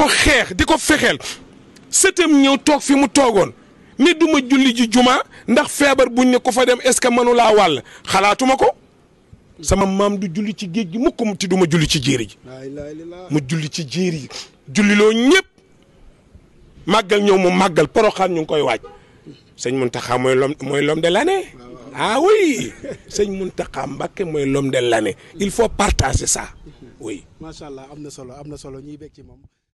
ko xeex di ko fexeel sëtam ñëw toog fi mu toogoon ne du ma julli ji juma ndax feebar buñ ne ko fa dem est-ce que mënu laa wàll xalaatuma ko sama maam du julli ci géej gi mukk mu ti du ma julli ci jéeri ji mu julli ci jéeri ji julliloo ñëpp màggal ñëw mu màggal poroxaan ñu ngi koy waaj sëñ Muntaxa mooy lom mooy l'homme de l'année ah oui sëñ Muntaxa Mbàkke mooy l'homme de l'année il faut partager ça oui. macha allah am na solo am na solo ñuy bég ci moom.